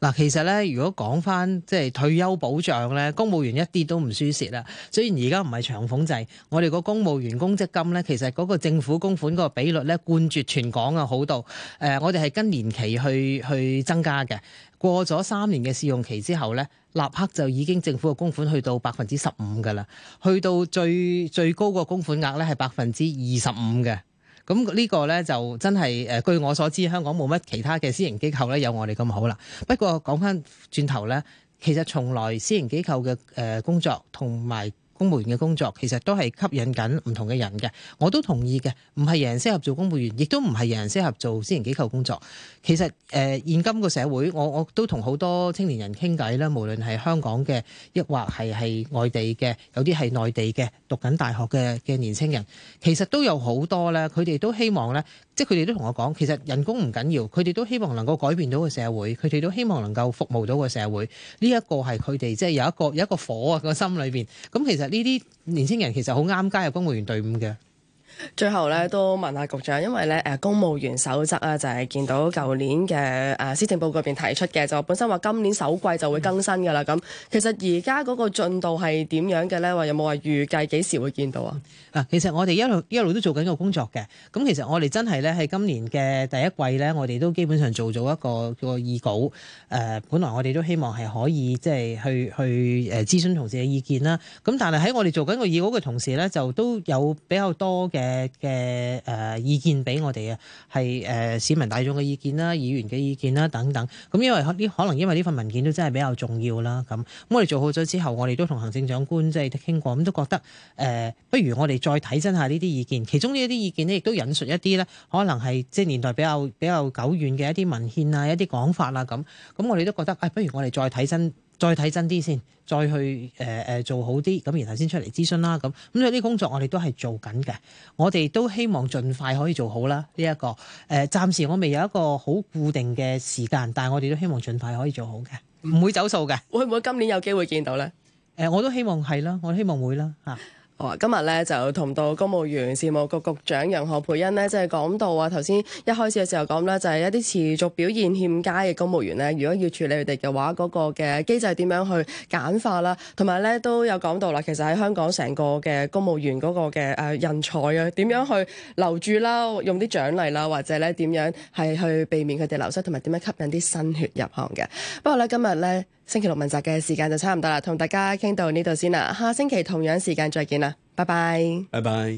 嗱，其實咧，如果講返即係退休保障咧，公務員一啲都唔輸蝕啦。雖然而家唔係長俸制，我哋個公務員公積金咧，其實嗰個政府供款個比率咧，冠絕全港嘅好度。誒、呃，我哋係跟年期去去增加嘅。過咗三年嘅試用期之後咧，立刻就已經政府嘅供款去到百分之十五嘅啦，去到最最高個供款額咧係百分之二十五嘅。咁呢個咧就真係誒，據我所知香港冇乜其他嘅私營機構咧有我哋咁好啦。不過講返轉頭咧，其實從來私營機構嘅誒工作同埋。公務員嘅工作其實都係吸引緊唔同嘅人嘅，我都同意嘅。唔係人人適合做公務員，亦都唔係人人適合做私人機構工作。其實誒、呃，現今個社會，我我都同好多青年人傾偈啦，無論係香港嘅，抑或係係外地嘅，有啲係內地嘅，讀緊大學嘅嘅年青人，其實都有好多咧，佢哋都希望咧。即係佢哋都同我講，其實人工唔緊要，佢哋都希望能夠改變到個社會，佢哋都希望能夠服務到個社會。呢一個係佢哋即係有一個有一個火啊，個心裏邊。咁其實呢啲年輕人其實好啱加入公務員隊伍嘅。最後咧都問，問一下局長，因為咧誒、呃、公務員守則啊，就係、是、見到舊年嘅誒、呃、施政報告嗰邊提出嘅，就本身話今年首季就會更新噶啦。咁其實而家嗰個進度係點樣嘅咧？話有冇話預計幾時會見到啊？嗱、嗯，其實我哋一路一路都做緊個工作嘅。咁其實我哋真係咧喺今年嘅第一季咧，我哋都基本上做咗一個一個議稿。誒、呃，本來我哋都希望係可以即係、就是、去去誒諮詢同事嘅意見啦。咁但係喺我哋做緊個議稿嘅同時咧，就都有比較多嘅。嘅嘅、呃、意見俾我哋啊，係、呃、市民大眾嘅意見啦、議員嘅意見啦等等。咁因為呢可能因為呢份文件都真係比較重要啦。咁我哋做好咗之後，我哋都同行政長官即係傾過，咁都覺得誒、呃，不如我哋再睇真下呢啲意見。其中呢一啲意見呢，亦都引述一啲咧，可能係即係年代比較比較久遠嘅一啲文獻啊、一啲講法啦咁。咁我哋都覺得誒、哎，不如我哋再睇真。再睇真啲先，再去誒、呃、做好啲，咁然後先出嚟諮詢啦。咁咁，有啲工作我哋都係做緊嘅，我哋都希望盡快可以做好啦。呢、這、一個誒，呃、暫時我未有一個好固定嘅時間，但係我哋都希望盡快可以做好嘅，嗯、唔會走數嘅。會唔會今年有機會見到咧？誒、呃，我都希望係啦，我都希望會啦嚇今日咧就同到公務員事務局局長楊學培恩呢，即係講到啊，頭先一開始嘅時候講啦，就係、是、一啲持續表現欠佳嘅公務員咧，如果要處理佢哋嘅話，嗰、那個嘅機制點樣去簡化啦，同埋咧都有講到啦。其實喺香港成個嘅公務員嗰個嘅誒人才啊，點樣去留住啦，用啲獎勵啦，或者咧點樣係去避免佢哋流失，同埋點樣吸引啲新血入行嘅。不過咧今日咧。星期六問責嘅時間就差唔多啦，同大家傾到呢度先啦。下星期同樣時間再見啦，拜拜。拜拜。